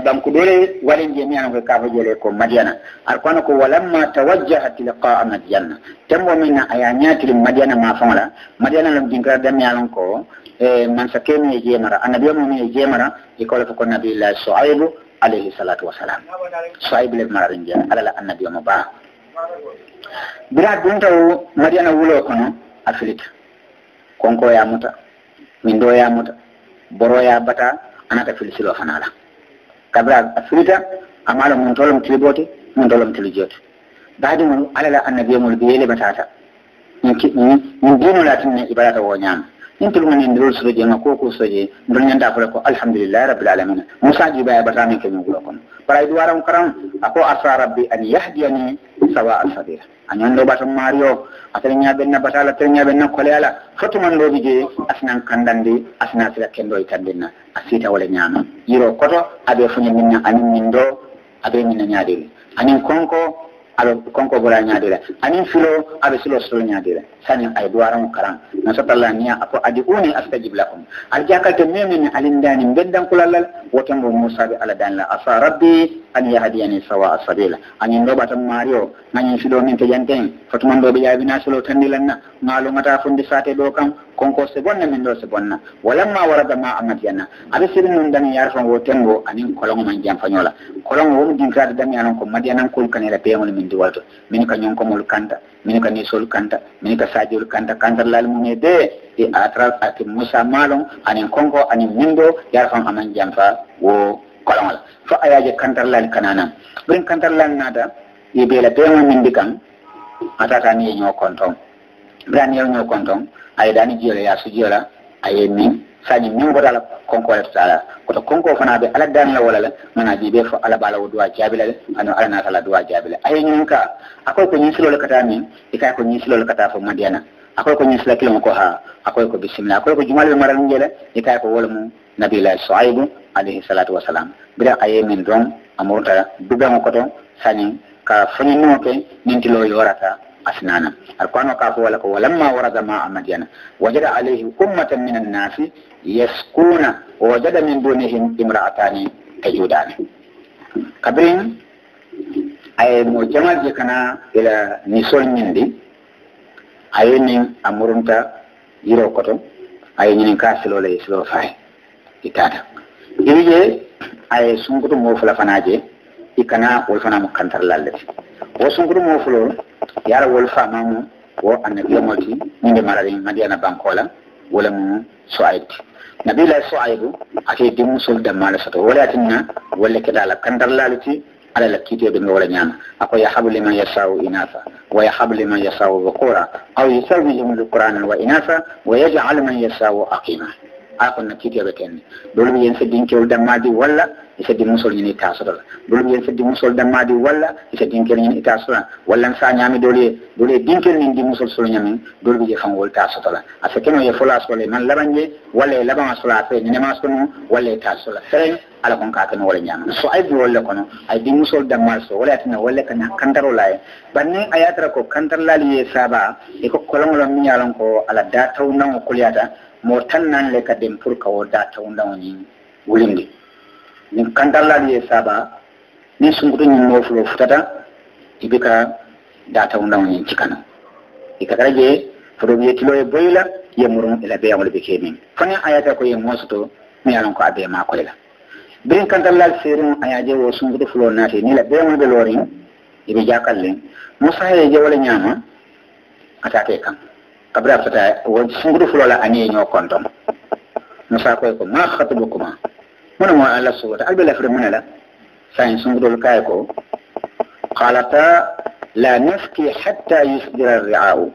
adam ko ɗole waɗe jemi an ko kafa jeele ko madiana alkono ko walamma tawajjaha tilqaa madiana tembo min na aya ñatiri madiana ma fola madiana lom jinkara dami alon ko e mansa kemi e jemara annabi o mumin e jemara e kole ko ko nabillahi soaibu alayhi salatu wasalam soaibu le mara ɗum jeena alala annabi omo ba bira ɗum taw madiana wulo kono a filita konko yamuta min ɗo yamuta boroya bata anata filisilo fanala kabra afrita amaɗo mum tolom tili ɓoote mum tolom tili jeete baadi mum alala annabiyemol mbi yeleɓatata min diinolatinne ibaɗata wo ñaama ɗum pelgoni ndirol soje ma koko soje ndol ñanda fole ko alhamdulillahi rabbil alamina moussa djuba yaɓata e min kañum gula kono paray e ɗu waram karam ako asa rabbi an yahdiani sawa al sabira a ñanndo ɓatan mari o a teleñaɓen nabatala teleñaɓen na koleala foto mandoɓi je asinan kandandi asina sira kenndo e tandinna a siita wole ñaama yiro koto aɓe foñandinna anin min ɗo aɓe minna ñaaɗeli anin konko alo konko bola ñaadire anin filo aɓe silo solo ñaadire sani ay duwaramo karan nasatallah niya ako adi uni aska jibla kom aljakalte memini alindani beddankulallal wotanmo mosaɓe ala danla asa rabbi an yahadiyani sawa sabila amin ɗoɓa tan mari o gañin silo min tejanten fotumanɗoɓe ƴaɓina silo tandilan na ngalogata fonde sate ɗo kam konko se bonna min ɗo se bonna walamma warada ma amadiyanna aɗa seri noon dami yaratongo tengo anin kolongo man jamfañola kolongo wom dinkrade dami anon ko madiyanankolkanela peyol min di walto min kañon komol kanta min ka nisol kanta min ka sadiol kanta kantar lal mum e de e atrav ake moussa malon anin konko anin mundo yar fam aman janfa wo kolongol fo ayaje kantar lal kananan ɓurin kantar lal nada e beela bemo mindi kan atata ni yeño konton mbiɗani yeñoo konton ayidani jiyola yaso jiyola ayenni sadji mimgoto ala konko ala tata ala koto konko fana ɓe ala darla wala la nanaji ɓe fo ala bala o dowa jaabila le ano ala natala dowa jaabila ayi ñin ka akoy ko ñinsilole kata min e kay ko ñinsilole kata fo madiana akoy ko ñinsila kilama ko ha akoy ko bisimila akoy ko jumalel maral jele e kay ko wola mum nabillahi soaibu alayhi salatu wasalam bira aye min don amurta dugango koton sañi ka foñinnoke nintilo yorata asinana ar kano ka fo wala ko walamma warada ma a madiana wajada alayhi ummatan min annasi yeskuuna o wajada min dunihim imra'atani e ƴuuɗaane kabrin aye mo jamalji kana ila nisoñinndi aye nin a murunta yiro koto aye ñinin ka silole e silo fay itata iri je aye sunkutu mofula fanaje i kana wol fanamu kantar lallati wo sunkutu mofulo yara wol famamu wo annabiyomoti ñinde mararin madiyana bankola wolamu soayti نبي لا صعيب أكيد دم سلدا ما لسه ولا تنيا ولا كذا لا كان دلالة على لكيت يدم ولا نيا أكو يحب لما يساو إناثا ويحب لما يساو ذكورا أو يساوي لهم القرآن وإناثا ويجعل من يساو أقيما أكو نكيت يبكني دول بينسدين كيل دم ما دي ولا isaddi e musol ñin itta sodol dol wiye saddi musol dammadi walla isaddi e kel ñin itta sodola wallan sa ñami dole dole dinkel nin di musol solo ñamin dol wiye fangol ta sodola asa keno ye fola sole nan laɓanje walla e laɓama sola fe nenema sono walla e ta sodola feren ala kon ka kene wala ñama so ay bulolle kono ay di musol dammal so wala yatana walla kana kantaro laye bannin a yatara ko kantar lali ye saba e ko kolongolon miñalon ko ala da taw nango kolyata mo tan nan le ka den pour ka o da taw ndango ñin wulinde min kandallaali e e e ye saaba min sunguɗo min mofulo futata iɓe ka datawnawñin cikana ikatara je foto ye tilo e boyila ye morum ela beyamole ɓe kemin fani ayata ko ye mosoto mi alan ko a bee makolela ɓen kandallal seerum ayaje wo sunguɗo fulo naate nila beyamol ɓe loorin eɓe jakal len mosaha ye jewole ñama atate kam kabira fota wo sunguɗo fulola aniye ñoo kontoma mosaha koye ko ma hatubokuma mono moon allah sugata albe lafre mune la sañ sungudol kaye ko qalata la nafki hatta yusdira alriaau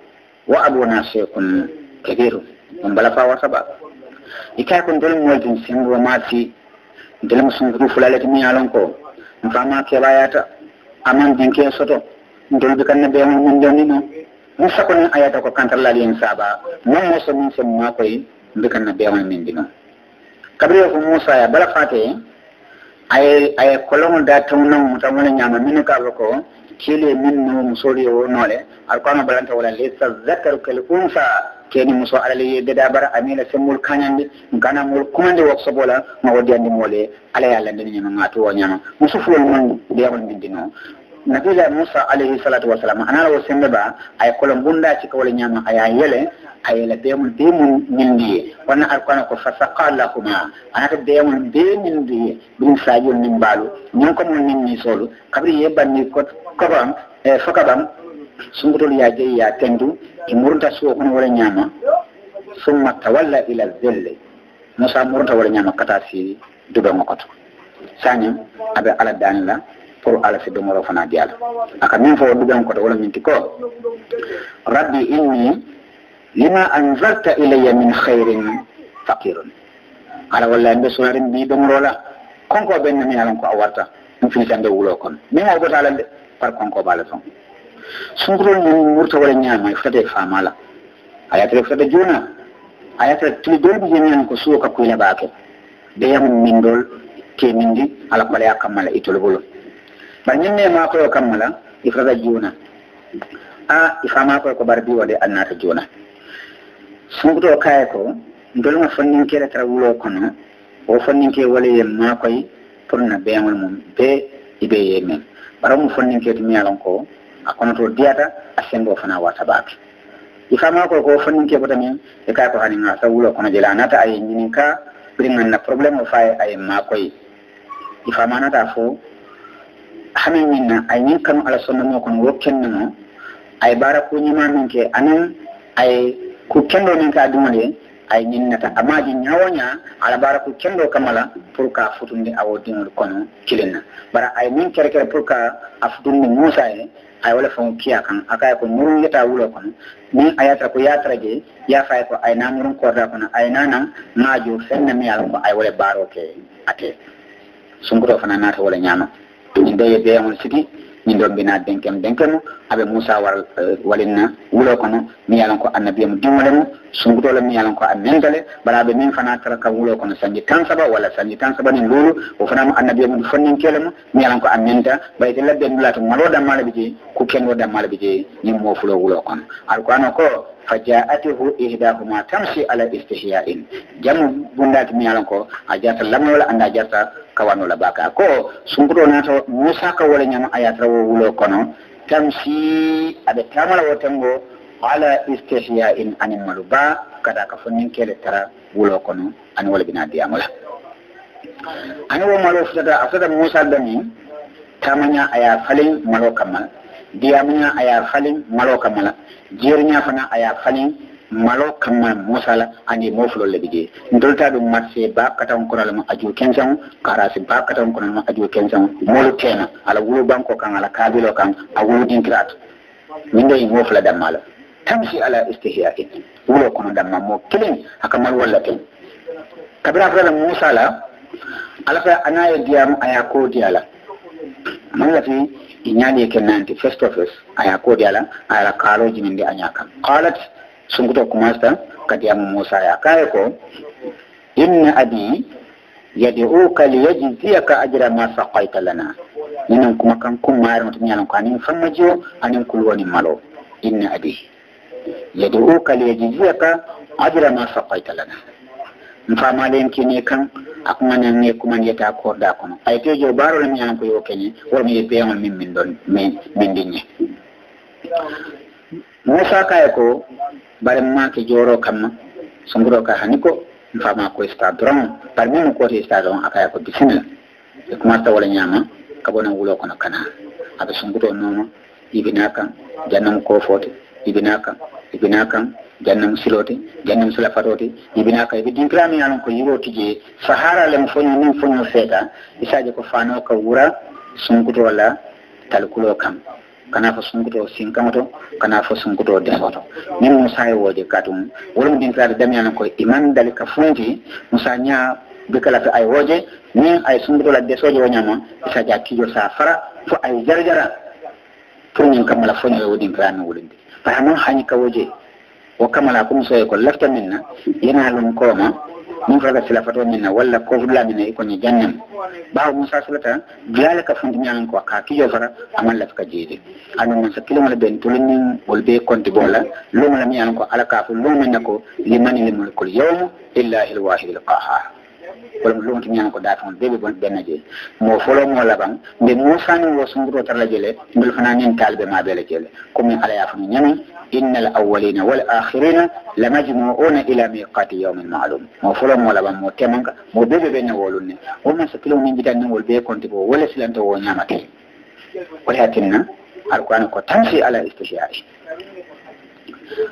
wa abuna sheikun kabiru on bala fawa saɓa i kaye ko ndel moldin sengo maati ndelmo sungudu fulalete miñalon ko fama keɓayata aman dinke soto ndolbi kamne ɓemo min ndenni no mu sakonin ayata ko kantarlal yen saaɓa mon moso min semmakoye mbi kamne ɓemo min ndi no kabiri ko musa ya bala fate ay ay kolon da tawna mu ta mun nyama min ka ko kile min no musori wo nole alqana balanta wala lisa zakaru kal unsa keni muso alale yedde da bara amila semul mul kanyande gana mul kumande wak sobola ma wodi andi mole ala yalla den nyama ngatu wo nyama musu fulol man de yamul mindino nabila musa alayhi salatu wasalam anala wo sembe ba ay kolon bunda ci ko wala nyama ay yele hayla beemol beemol nindiye wonno ar kono ko fasaqa lahuma anata beemol be nindiye ɗum sajol min mbaalo min ko mon nin ni soolo kabri ye banni kobam e fokabam sumbutol ya jeyi ya tendu e murunta suwo hono wora ñaama summa tawalla ila zelle no sa murunta wora ñaama kata siri dubango koto sañam aɓe ala dani la pour ala si domoro fana di ala aka min fo dubango koto wala min ti ko rabbi inni lima anzarta ilayya min hayrin faqirun ala wallahi mbe sonari mbi ɗomrola konkoɓe e nami alan ko a warta ɗum finitan mbe wuulo kon min awgotala de par konkoɓala ton sunkurol mum wurta wala ñaama e fotade faamala a yatere fotade jona a yatere tili dolɓijemian ko suwo ka kuyla ɓaake ɓeyamu mindol kemindi ala koɓaɗaya kammala ittol wolo bar ñamne e maakoyo kammala ifotada jona a ifamakoyo ko ɓar biwade annata jonat fuuto kaye ko dolma fanninkere tara wulo kono o fanninke waleyel ma koye pour na beeŋol mum be iɓe ye men bara mu fanninkete miyalon ko a kono to diyata a sembo fana warta baake i fama ko ko fanninke bota men e kaye ko hani ngasa wulo kono jela nata aye ñinin ka ɓiri ganna probléme o faye aye ma koye i fama nata fo hamin minna ay ñin kanu ala sonnamo kono wokkennano aye baara kuñima min ke anan aye ku kendo min ka dumane ay ñinnata amaji ñawoña ala bara ku kendo kamala pour ka futunde awo dinul kono kilinna bara ay min kere kere pour ka a musa ye ay wala fon kiya kan akay ko nuru yata wulo kono min ayata ko yatra je ya fay ko ay na ko da kono ay nanan majo fenna mi ala ko ay wala baro ke ate sunkuto fana nata wala ñama de ye beyaŋol siti mi dombina denkem denke mu aɓe moussa wara eh, walinna wulo kono mi yalan ko annabiya e mu dimmole mu sungutole mi yalan ko a mentole mbaɗaɓe min fana tara kam wulo kono sanji tan saba walla sanji tan saba ni luulu o fanamo annabiya e mu fonnin kele mu mi yalan ko a menta ɓayte labbe ndulato maɗo dammala ɓe je ku kendo dammala ɓe je min mofulo wulo kono alkoano ko fa jaatihu ihdahuma tamsi ala istihiya in jamu bundaki mi yalan ko a jarta lamnola anda jarta kawanula baka ko sunkuto nato musa ka wole ñama ayatra wo wulo kono tam si aɓe tamala wo tengo ala istehya in animalu ba kada ka fonnin kele tara wulo kono ani wole bina diyamula ani wo malo futata a futata musa dami tamaña aya falin malo kammala diyamuña aya falin malo kammala jeeruña fana aya falin malo kamma mosala ani moflo le ɓe dolta ɗum marché ba katawan konala ma ajo kensan karasi ba katawan konala ma ajo kensan molo tena ala wuro banko kan ala kabilo kan a wurodinkirato min ɗo mofla dam dammala tamsi ala istihyain wulo kono ma mo kilin aka mal walla ten kabira fala musa ala fa anaya ye diyam aya ko diala mala fi inyani ke nanti first of aya ko diala ala kalo min anyaka qalat sunguto commencta kadiyam moussa yakaye ko inne abi yadiuka liyajziaka ajra ma sakayta lana minen kuma kanko maaronto ñalan ko anin famma jiyo anin kulwoni malo inne abi yadiuka liyajziaka ajra ma sakayta lana mfamalen kene kan akumanene kuman yeta korda kono ay te jo barole mi ñalan ko yo kene wala mi ye peyangol min min don min min dinñe moussa kaye ko bare maake jooro kamma songuro ka hani ko mfama ko sta dron par mu ko te sta dron akaya ko bisimila e kuma ta wala nyama ka bona wulo kono kana abe songuro nono ibina kan jannam ko fote ibina kan ibina kan jannam silote jannam sila fatoti ibina kan eɓe dinkrami yalan ko yiro tije sahara lem fonyo nin fonyo feta isaje ko fano ka wura songuro la talkulo kam kana fo sunguto sinkamoto kana fo sunguto desoto min moussa e wooje gadum wolmo dintirade damiyana koye imandal ka funti moussa ña bikalato ay wooje min ay sunguɗola desoje woñama isa ja tijo sa fara fo ay jarjara pour min kammala foño e wodintirani wulindi par ha noon hañi ka wooje wo kamala ko musoye ko lefta minna yana lum koma moussa ka silafato mina walla kofrula mina i koñe jannam ɓaawa moussa solata jilale ka fonti ñaman quoi ka kijo fara aman lafi ka jeede anon noon so kilomola ɓen tolanin ol ɓe compte boola lumola miyanan ko ala ka fo lumenna ko limani limol kol yawmo illa il wahidul qahar wala lu mutum ñaan ko daa fon bebe bon benn jël moo folo moo laban mbe moo fani wo sunguro tar la jële mbul fana ñen talbe ma bele jële comme ala ya fani ñani inna al awwalina wal akhirina la majmu'una ila miqati yawmin ma'lum moo folo moo laban moo temanka moo bebe benn wolun ne wo ma sa kilo min bitan ngol be konti ko wala silanta wo ñamate wala tinna alquran ko tansi ala istisha'i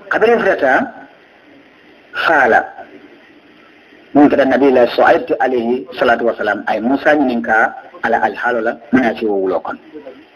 kabrin fata fala min kata nabillahi soaibtu alayhi salatu wasalam ay musañinin ka ala alhaalola menaci wo wulo kon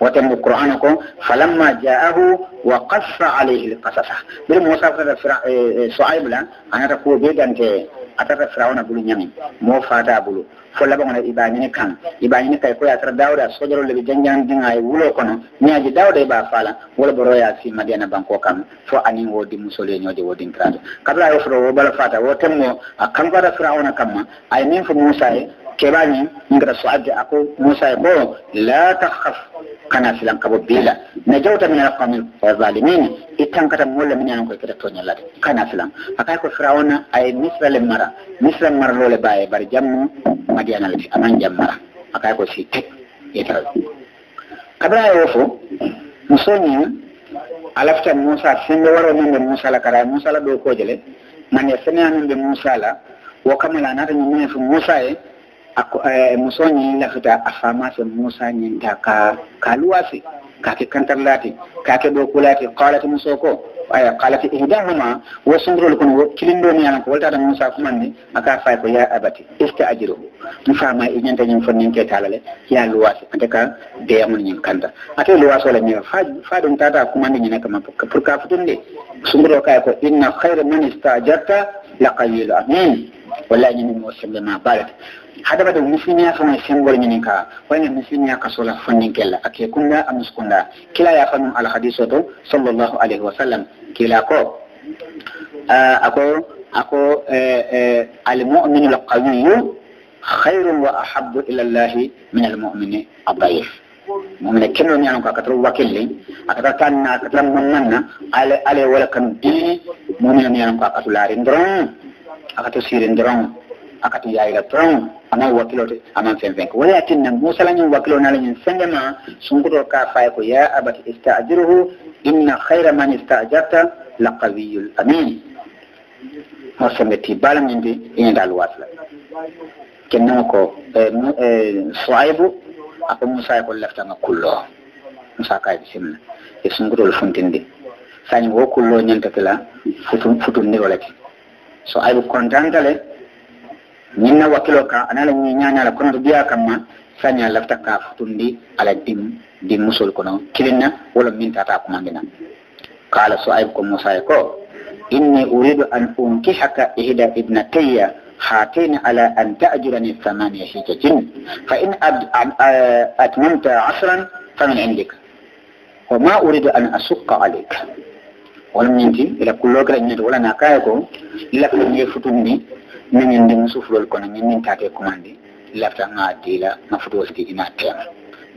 watembo qur'ana ko falamma jaahu wa kassa alayhi lkasasa ɓiri mosafatata e, e, soaibe la anata ko be dante atata firawna bulu ñami mo fata bulu fo laɓagona iɓañini kan iɓañini kay koye atata dawda a sojaro leɓe janjandiga e wulo kono ñaji dawda iɓa fala wola ɓo roya fi madiana banko kam fo anin wo dimmusoleñoje wo dinkirado kata la yofoto wo ɓala fata wo temmo a kankoata firawna kamma ay min fo moussa e keɓañi min gata soaɓde ako moussa e ko la takhaf kana silan kabo bila najawta min alqawmi zalimin itan kata molla min an ko kata to lat kana silan akay ko firawna ay misra le mara misra mar lole baye bar jammu madiana le aman jammara akay ko si tek yetal kabra fo musoni alafta musa sinno waro min musa la kara musa la do ko jele man ya sene anan be musa la wo kamala na tan min musa e ako eh, musoñinlahta a famase musa ñinta ka ka luwasi kake kantarlati kake ɗo kulati qalati muso ko aya qalati ihdahuma wo sumbrol kon wo kilindomiyana ko woltata musa kumanni aka fay ko ya abati iska ajiru mi fama i e ñanta ñin fo ninke talale ya luwasi ante ka deyamun ñin kanta ate luwasola mi fa fa ɗum tata kumanni ñine kama pour ka futunde sumbro kay ko inna hayre man istajarta la qawilu amin walla ñinin mo sille ma balata hadamade misilimiya fana sembol ñinin ka wayna misilimiya kasola fonnin kella ake kunda a muskunda kila ya fanum alhadiso to sallallahu alayhi wa sallam kila ko ako ako almuminu alqawiyu khayrun wa ahabu ila llahi min almumini adayif mais kennoni an ko a katata wakkel ley a katata tanna a katata man nanna ale ale wala kan dini mumiomi an ko a katu laari ndron a katu siri ndron a katu yayira tron anayi wakkilote aman fen fen ko wala a tinna musalañin wakkilo nalañin sengema sunkutoo ka faya ko ya abati istajirehu inna hayra man istajarta la qawiyul amin hor sembeti balamin de ine dalwasla kennama ko eh, eh, soaybo abbe musa e ko leftanga kullo musa kayi simna e sungutol funtindi sañi wo kullo ñanta kila futu futundirolake so ayi contantale ñinna wakkilo ka anala ñi ñañala konoto biya kam ma sañi a lefta ka futundi ala dim dim musol kono kilinna wala min tata kumangina kala so ayi ko musa e ko inni uridu an unkihaka ihda ibnatayya hatayni ala an taajurani thamania hijatin fa in atmamta asran famin indika wa ma uridu an asukka aleyk wala ñinti ila kulloogalañinati wala na kaya ko lafta nge futum ni minen ndi mu sufulol kono min min tate commande lafta ga diila ma futuwolti ina teema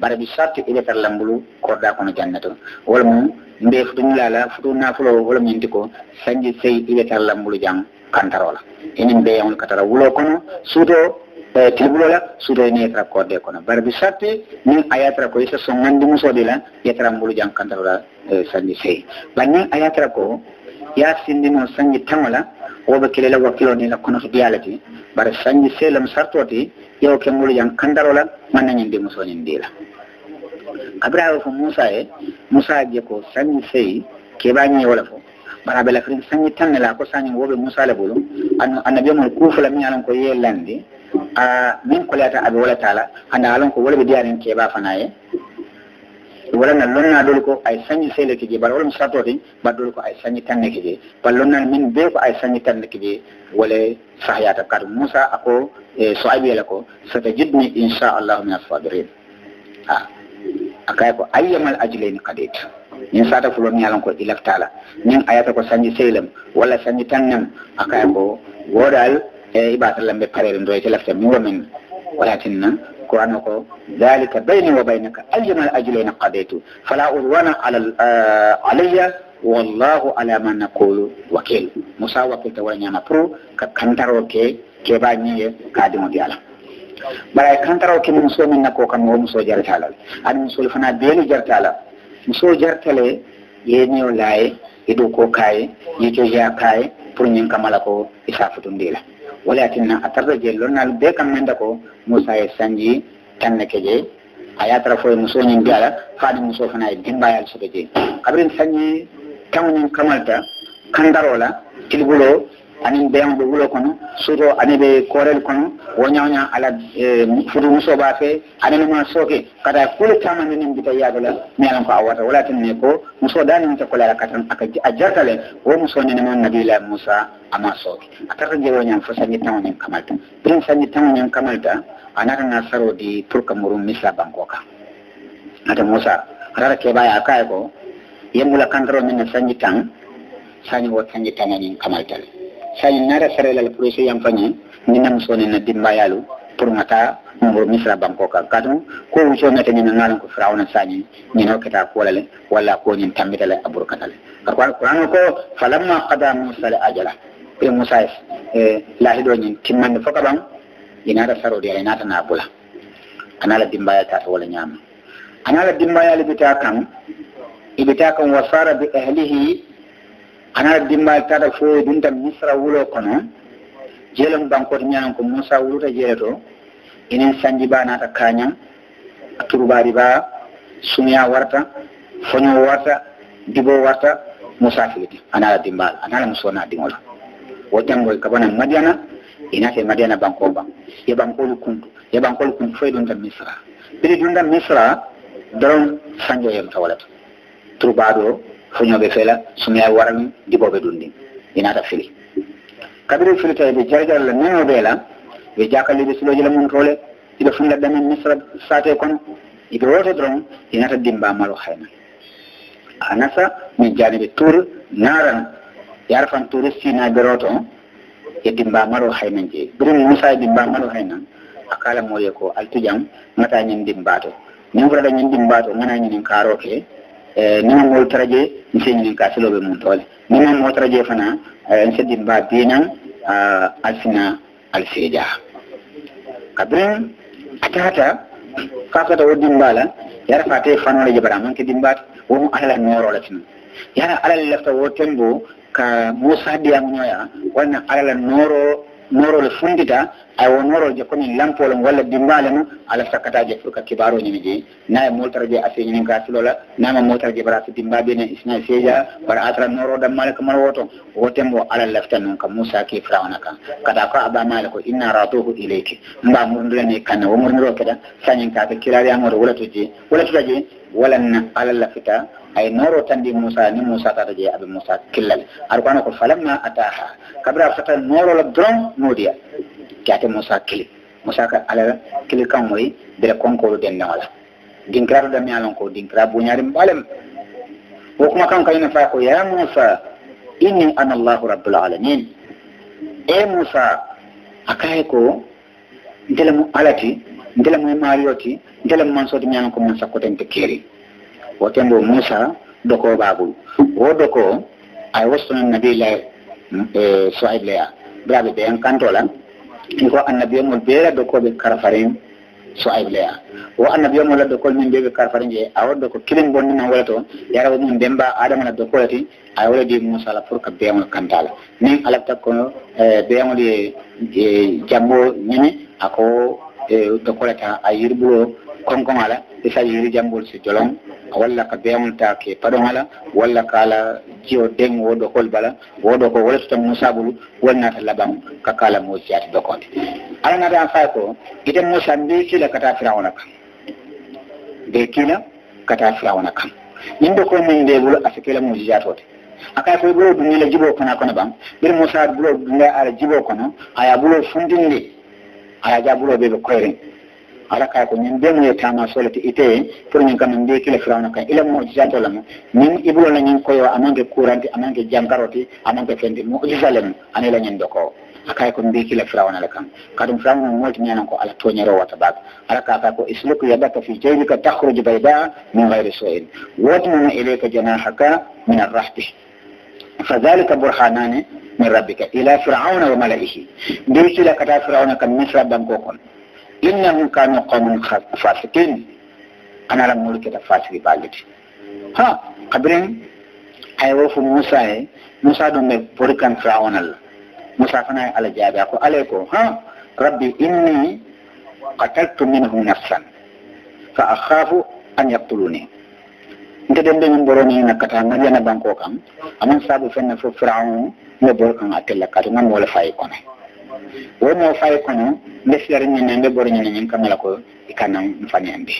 bara bi sarte iletar lambulu korda kono jannato wala mum mbe futumulala futu nafulo wala ñinti ko sañji sey iletar lambulu jang kantarola enin ɓe yewno katara wulo kono suuto e eh, tilbulola suuto e neyetara koodde kono barbi sappe min a yatara ko yeso so ngandi musoɓe lan yetara mbulu jan kantarola eh, sanndi sey bannin a yatara ko ya sindino sanji tangola woɓe kelela wakkilo nila kono to diyalati bar sanji selam sartoti yewo ke mbulu jan kantarola mannañinde musonin ndila kabira awe fo moussa e moussa je ko sanji sey keɓañi wola fo bara bela fri sañi tannela ko sañi woɓe musala ɓolum an annabiyamol kuufula min alon ko ye lanndi a min koleyata aɓe wolatala hannde alon ko woloɓe diyarin keeɓa fana ye walana lonna doli ko ay sañi sehle kiji bala wolam sartoti mbat doli ko ay sañi tanne kiji bal lonnan min be ko ay sañi tanne kiji wole sahyata kar moussa ako e so abiyela ko sota jidni inchallahu min alsabirin a a kaya ko ayyamal ajulayni kadit min fata fulon ñalon ko ilaftala min ayata ko sañi sehlam walla sañi tangam akaya ko woɗal e ibatallam ɓe parere doyte lafta mi womin wala tinna ko anno ko dalika bayni wa baynaka aljanal ajulayna kadaytu fala urwana eh, alayya wallahu ala ma nakulu wakil moussa wakil ta wala ñama pour ka kantaro ke keba ñige kadimo di ala ɓaray kantaro ke mi musomin nakko kam wo musoo jaratalal ani musol fana beeli jaratalal misoo jartale yeniyo laaye e ɗow ko kaaye yeto jea kaaye pour ñin kam ala ko e saafatu ndiila wala tinna a tarta je lornal be kam nanda ko moussa e sanji tanne keje a yatara fo e musoo ñin mbiyala faade musoo fana e dimbayal soɓe je kabrin sañi tawnin kamalta kandarola tilɓulo anin ɓeyam ɓe wulo kono surtout aniɓe korel kono woñawña ala e, fotu musoɓa fe anenoma sooke kata kule camande nin mbita yaadola mi alan ko a wata wala tan ne ko musoo danente kolara katan aka a jartale wo musoo nenemon nabila moussa ama sooke a tarta je woñam fo sanji tawoñen kamalta ɗin sanji tawoñen kamalta a natana saro di pourkamorum misla banko ka ata moussa atata keɓaya kaye ko yembula kantaro min ne sanji tan sañi wo sanji tananin kamaltale say ngara sarelal projet yam fañi ni nam sone na dimbayalu pour ngata mo misra banko ka ka ɗum ko wusongata ñina ngalan ko frawna sañi ñino keta koolale walla konin tambitale a bourkatale par quoi qouran o ko falamma kada moussa le ajala e moussa es e laahi ɗo ñin timmande foka ɓan inata e sarode ay natana bula anala dimbaya tata walla ñama anala dimbayale ɓita kan ɓita kan wasara bi ahlihi ana dimmbaali tata fooyi ɗum tan musra wuloo kono jeelemu bankoto ñaanan ko musa wuluta jeele to inen sanji ba naata kaña turubaari ba sumiya warta foño warta dibo warta musa filiti ana ala dimbaal ana ala muso na dimola wo jangoy e kabona madiana inate e madiana banko ban yo bankolu kuntu yo bankolu kuntu foyi ɗum tan misra ɓiɗi ɗum tan misra doron sanjo yem tawalata turubaaɗo soñooɓe fela somiyaawi waran jiɓooɓe ɗum ndin inata fili kabiri filitee ɓe jere jere la nanooɓe la ɓe jakalliɓe siloji la montoole iɓe funndat ɗamen misra saate kono iɓe woote doron inata dimbamalo hayma a nasa min janiɓe tour naran yarafan touriste sinaɓe roto e dimbamalo hayman jeey ɓirin musa e dimbamalo e hayna a kala moƴe ko altujam ngataa ñin dimbaato min wurata ñin dimbaato ngana ñinen kaaroke E, nimamol traje mi señinen ka selooɓe mum toole nimamo traje fana e, en seddin mba binan alsina alseeja kabren acaata fakata wo dimbaala yara fa tawi e fanore jabara manke dimbaata wonu alala noorola tino yara alala lefta wo tembo ka mosa diyamñoya wanna alala nooroo norol funndita awo norol je koni lampole mo walla dimbale mo ala sakkataje pourque kibaroji ne jeyi naye moltara je aseñini grasilola nama moltara je baraso dimbabine isna seja wara atara norodam malika mala woto wo tembo ala laftan noon ka moussa ki frawna ka kata ko aba mala ko inna radohu ileyke mba murdulani e kanne womurniro keɗa sañin kaka kirariamoto wolatu je wolatuta je ولن على اللفتة أي نورو تندي موسى ني موسى تتجي أبي موسى كلل أرقانا قل فلما أتاها قبل أرسطة نورو لبدرون نوديا كاتي موسى كلي موسى على كلي كان موي بلا كونكولو دين نوالا دينكرار دمي دين دينكرار بنيارم مبالم وكما كان كاين فاكو يا موسى إني أنا الله رب العالمين اي موسى أكايكو دلمو ألتي ndelam e maariyoti ndelam man sode ñaama ko man sakkotente keeri wo tembo moussa dokoo baabul wo dokoo ay wostonan nabillahi mm, e soiblea biraaɓe ɓe en kantola iko annabiyomol beera dokooɓe karafarin soiblea wo annabiyomola dokol min mbiyeɓe karafarin je a wodo ko kilin bonninan wala to yarawo mum ndemba adamala dokolati a waladi moussa la pour que beyamol kantala min alatakko beyamol e jambo ñami ako E ɗo koɗata a yirɓuro konkon ala e saji hiri jambol so jolon walla ka beyamtake paɗon ala walla ka ala jiyo den woɗo kolbala woɗo ko wala sotan musabulu wonnata laɓan ka kala mosiyata dokonde alanata an fay ko guiten mosa mbe kila kata firawona kam mbe kila kata firawona kam min ɗo koye mum ndewulo asa kila mosiyatode akay koye ɓulo dundila jiɓo kono kono ɓan ɓir mosa ɓulo dunda ara jiɓo kono aya ɓulo fundinde ala jaɓuro ɓe ɓe koyren ala kala ko min ndemoye tama solete itee pour min kamma mbiye kila firawna kan ilam mojisatola mo min ibulolañin koyo amanke courante amanke jangaroti amanke fende mojisalem ana ilañin ndoko akaye ko mbiye kila firawnale kan kadum firawna molti ñanan ko ala toñerowa tabaka ala kala kala ko islok yadaka fi jeylika tahruj bayda min gayre soyin wotmuma ileyka janahaka min arrahbi fa dalika bourhanane min rabbika ila firauna wa malaihi mbirtila kata firauna kam min rabbanko kon innahum kanu qawmun fasikin anala molketa fasiki ballidi ha kabiren hay wofo moussa e moussa ɗum ɓe porikan firaunalla moussa fana e allah jaabe ako alay ko ha rabbi inni qataltu minhum nafsan fa akhafu an yaktuluni nde ɗen ndemin ɓorono hena kata mariana banko kam amon saabu fenne fof firaon nde boro kan attella kata nan wola fayi kono womo fayi kono nde fiyarñine nde ɓoroñine ñin kamala ko e kanan fanen de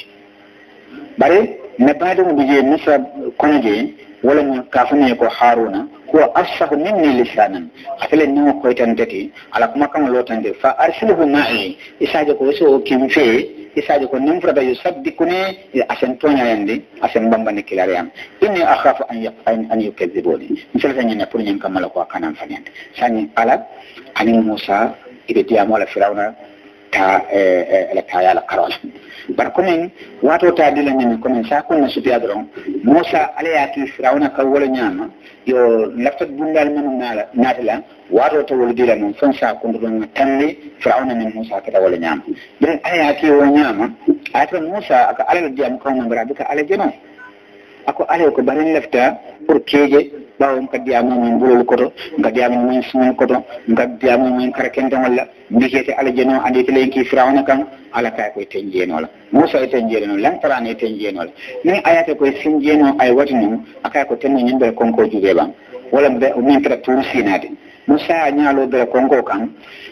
bare ne baademo ɗi jee misa kono de wala mo kafanee ko haruna huwa afsahu minni lisanan atele nimo koytantete ala kuma kama lotante fa arsilehu maayi isaje ko wasi o kim fee isaji ko nimfrata yo sabbikune yo asen toñayande asen bambani kilariyam inni akhafu an yukadibuni misalatañane pour ñan kammala ko a kanan fanende sañi ala ani moussa iɓe diyamo ala firawna ta ela e, ta yaala karola bar komin watota dila ñami komin sakunna sutiya dron moosa alayati firawna ka wolo ñama yo laftat bundal menu naala naati la watota wolo dila noon fon sakundu ɗon tanni firawna min moussa keta wolo ñama ɗon alayati o ñama ayata moussa aka alala diyam kawnambara bi ka alajenoo ako alay ko ɓaren lefta pour keeje ɓawom gaddiyama min ɓulol koto gaddiyama min simin koto gaddiyama min kara kente walla mbiyete alah jeno andite leyki firawna kan ala kay e koye ten jeenola moussa e ten jeeno lantarano e ten jeenola min ayate koye sin jeeno ay wati noon akay ko tenno ñandere konko jugue ɓam walla min kata tuur sinade mo saa ñaalo bele konko kan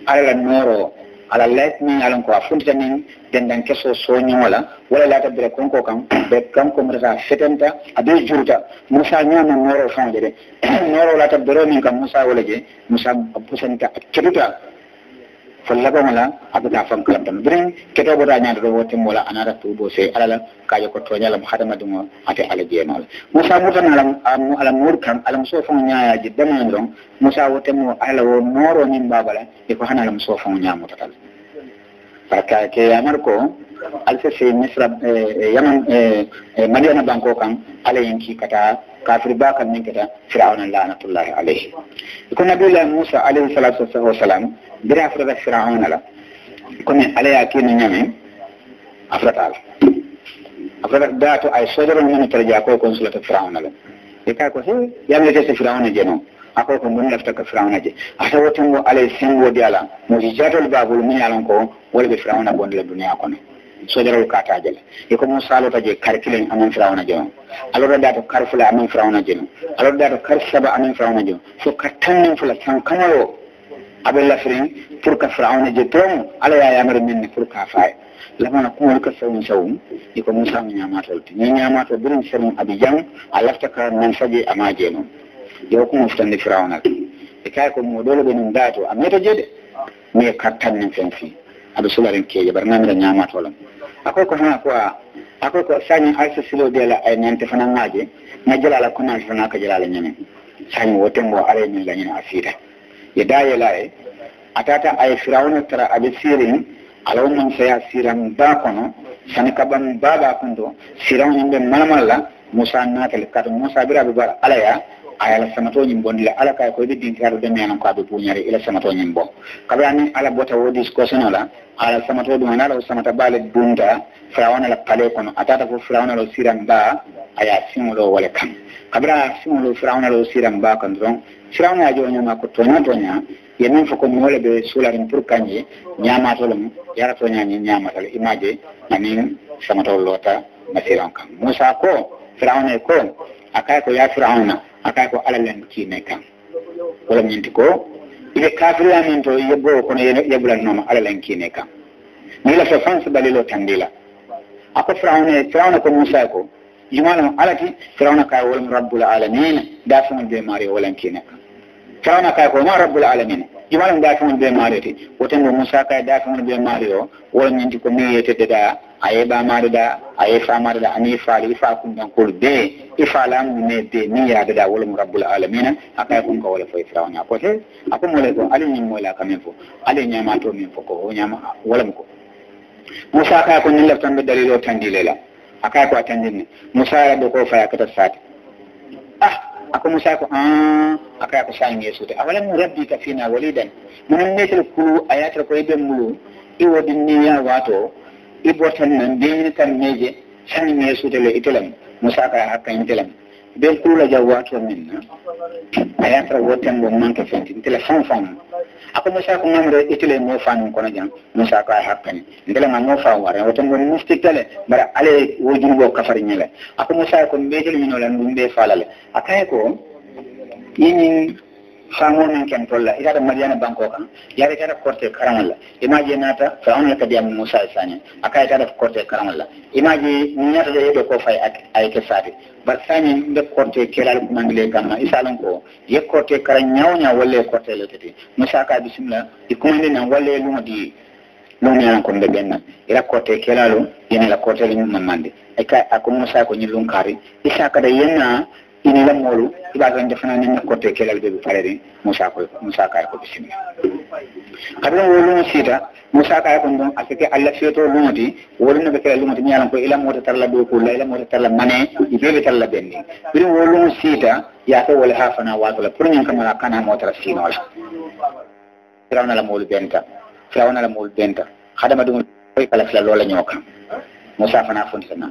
alala nooro ala laytini alankoa funtita min dendan keso soñoola wala laata bire konko kan ɓe kanko mutata fetenta abe juruta moussa ñoono noro fanoje ɗe noro laata bireo min kam moussa wala je moussa busanta a ceɗuta fol laɓomola agata fonkalam tan bri ketoɓota ñande ɗo wotemola ana rat ɓo se alala kaƴo ko toñalam hadamadimo ate ala jeenola moussa wurtan ala mur kan alam so fon ñayaji damani ron moussa wotemo alala wo nooro min mbabala e ko han alam so fon ñamotatal par ce que ke yamar ko alsese misra e, e yaman e, e madiana banko kan alayen kikata kafir ba kan min keta firawna lanatullahi alayhi ko nabiullahi moussa alayhi salatu wasalam bira frata firawna la komi alaya kino ñamen a fratala a frata dato ay sodoron mani tareja ko consulata firawna la e kay ko hew yamletese firawna je noon ako ko mboni laftaka firawna je ata wotingo alay sengodi ala mo jatol babol mi yalan ko wolɓe firawna bonde la duniya kono sodorol kataje le e ko mon salota je kare kilen amon firawna jeno alorda da to kare fula amon firawna jeno alorda to kare saba amon firawna jeno so ka tannen fula tan kamayo aɓella firen pour que firawna je tomu ala ya yamere menne pour que faya lamana kumol ka sawum sawum e ko musamo ñamatolte ni ñamato birin sermu aɓi jan a lafta ka nansaje ama jeno yo e kumo fitande firawna e kay ko moɗolo ɓe nun dato a meto jeeɗe mais kattanne fen fi aɓe suɓaren keeje bara ngamira ñamatolam akoy ko hana quoi akoy ko sañi aysa silodela ay nente e fana ngaaje na jalala konnaje fana e ko jalala ñamen sañi wo tembo arañi lañen a siita ye dayelaye atata aye firawno tara aɓe siirin ala womon soya siran ba kono sani kaɓan baba kundo siranoɓe malmalla moussa natal kato moussa ɓiraɓe bar alaya a yala samato ñim bondila ala kay koyde dinkaaro deme nan ko aɓe puñare ila samato ñim bon kaɓe ni ala bota wo discussion ola ala samato ɗum ana ala o samata baale dunta firawna la pale kono atata ko firawna lo siran ba aya siŋolo wole kam kabira siŋolo firawna lo siran ba kan doron firawna ya jo ñama ko toña toña ye min fo ko moole ɓe suularin pour kanji ñamatolum yara toñañi ñamatal imaje anin samatol loota masiran kam moussa ko firawna ko a kay ko ya firawna ata ko alalan kiine kan wala ñinti ko ike kafirlamin to yeggoo kono yegulannooma alalan kiine kan nila so france balilo tandila a ko firawne firawna ko moussa ko jumalamo alati firawna kay wolmo rabbul alamina da sonol be maario walan kiine kan firawna kay ko ma rabbul alamina jibala daafi wonde ɓe maari ti wotengo moussa kaye daafi wonde ɓe maari o wora ñanti ko min yeetedde ɗa a yeɓa maari ɗa a yefa maari ɗa ani ifaali ifa kumɗankolu de ifa laamu ne de min yaade ɗa wolomu rabbul alamina a kaye kon ko wole fo e firawña pote a kumole ko ala ñimmoyla ka min fo ala ñama to min fo ko o ñama wolam ko moussa kaye ko nelle tan ɓe dalil o tandile la a kaye ko a tandinne moussa yaɓɓe ko faya kata sate ah ako musa ko akaya ko sañ yesude awala mu rabbika fina waliden manam metre kulu a yatra koye ɓen mulu iwodi niya wato i botan nan deñini tan meje sañ yesude le itelam musa kaya hakkañitelam ɓen kulula jaw wato min a yatra wo tembo manque fenti ntele fan fan ako musako mamre itile e mo fanu kono jan musako ay hakkani ndelema mo fa ware woto ngon mufti tele mbara ale wo jungo kafari ñele ako musako mbetel minola ndum ɓe falale akay ko yiñin famonanken tolla itata madiyana banko kan yare tata corté karamalla image nata faonla kadi am moussa sani akaye tata corté karamalla image minata ɗo yeɗo ko fay ayke sati bat sani nde corté keral kumangile gamma isalon ko yekkorté kara ñawña walle corté le kadi moussaka bisimilla i kumandinan walle lumo di lumni alan kon ɓe ɓenna ira corté keralo yenela corté le ñumamande ay ka ako moussa ko ñillum kari isa kada yenna ini lamolu tubaɓe nde fana ne nekkorte keɗal ɓe ɓe parere moussa koy moussa kay koɓe simna kadi ɗon wo lumo siita moussa kay kon ɗon a sike allah fiyoto lumoti wolinoɓe keɗal lumoti mi yalan koy ilamota tarla ɓe kulla ilamota tarla mane ɓeɓe tarla ɓenndi ɓiɗon wo lumo siita yaake wole ha fana watola pour min kamala kanamotara siinoje firawnalamolu benta firawnalamolu benta hadama ɗum koy kala fila lola ñoo kam mo safana fontana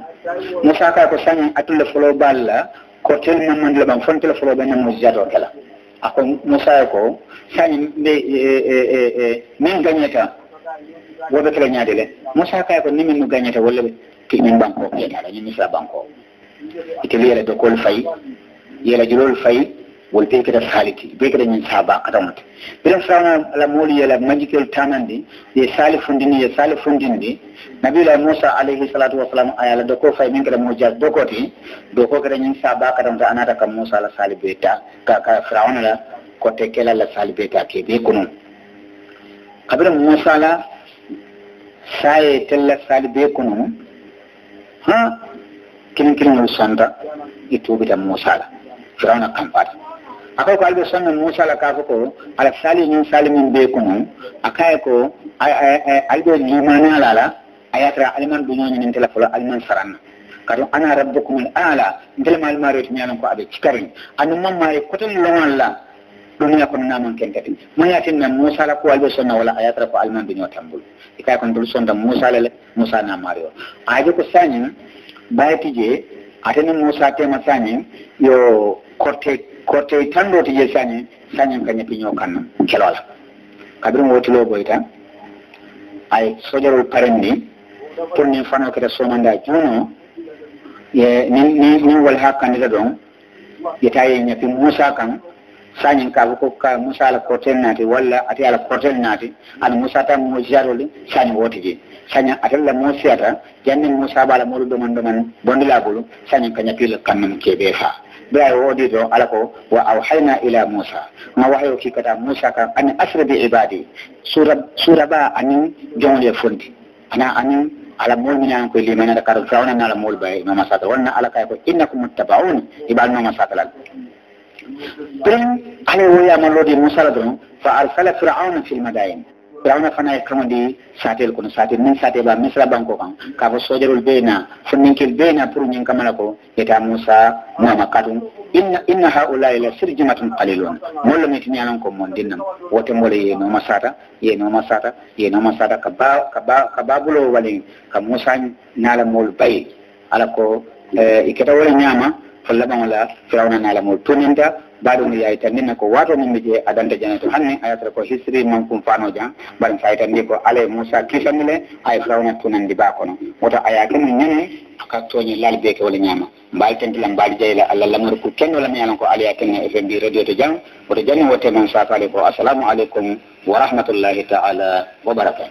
mo saka ko sañe atulle folo balla ko tel mamandila ɓan fontele folo ɓe nanmo jado gala ako moussa ko sañe nde e, e, e, min gañeta woɓe kele ñaade le moussa kay ko nimin nu gañeta walla kimin banque o kiyataɗañi misla banque o ite liyele dokol fayi yele julol fayi won pekeɗa faaliti pekeɗa ñin saaba adamate bila sawna ala mooli yala majikel tananɗi ye saali fondini ye saali fondinɗi nabiullahi moussa alayhi salatu wasalam a yaala doko fay min keɗa moja dokoti doko keɗa ñin saaba kadamate anata kam moussa ala saali beta ka firawna la kotte kela la saali beta ke ɓe ko noon kabira moussa la saye tella saali be ko noon ha kilin kilinol sonda i tuɓita moussa la firawna kampata aka ko alɓe sonnan moussa ala kaafa ko ala sali ñon salimin ɓe ko noon a kaye ko alɓe limane ala la a yatata aliman duñoñi nin tela folo aliman saranna kato ana rabbokumen ala ndelema alima reeto ñalon ko aɓe cikarni annumman maari coté e lomal la ɗumiya kono naman ken kadi moyatinna moussa ala ko alɓe sonna walla a yatata ko aliman duño tambol e kaye kono toɗo sonda moussa ala le moussa na maari o aaji ko sañin bayatije atenin moussa tema sañin yo corté korte tan ɗo to jeel sañi sañim kañe piñoo kanna keloola kabirum wotiloo boy tan ay sojarol parenndi pour nin fanoo kete somannda juuno e ni nin wol haa kandita ɗon yetaye ñapi muusa kan sañin kaa fo ko ka muusa ala kortel naati walla ati ala kortel naati ana muusa ta moosiyatoli sañi wooti ji sañi atella moosiyata jannin muusa ɓaala moɗu ɗoman ɗoman bondilaa bolu sañin kañapiila kannam keɓee faa بيع ودي دون ألكو وأوحينا إلى موسى ما وحيو كي كتا موسى كان أن أسر بعبادي سورة سورة با أني جون يفندي أنا أني على مول من أنك اللي من ذكر فرعون على مول باي ما مسات وانا على كايكو إنكم متبعون يبان ما مسات لك بين عليه ويا مولودي موسى لدون فأرسل فرعون في المدائن dawna fana e kaŋodi satel kono satel min satel ba misra banko kan ka fo sojarol beyna fo ninkel beyna pour ñin kamala ko yeta moussa mama katum inna inna haulai la sirjimatum qalilon mollo miti ñanon ko mon dinnam wotembole yenoma sata yenoma sata yenoma sata ka ba ka ba ka babulo walin ka moussa nala mol bayi ala ko e keta wole ñama fo labaŋola firawna nala mol tuninta mbaɗum yaay tanndima ko watomi miƴe adante jane to hanni a yatata ko histri man pum fanoja mbaɗum fayi tanndi ko alay moussa kisani le ay e fawna tunanndi ba kono woto aya kemi ñani ka tooñe laalbeeke wala ñaama mbaali tentila mbaali jeyla allah lamor pour kenno lami yalan ko aliya kenne e fembi radio to jam woto jani wotte man safaali ko assalamu aleykum wa rahmatullahi taala wa baraka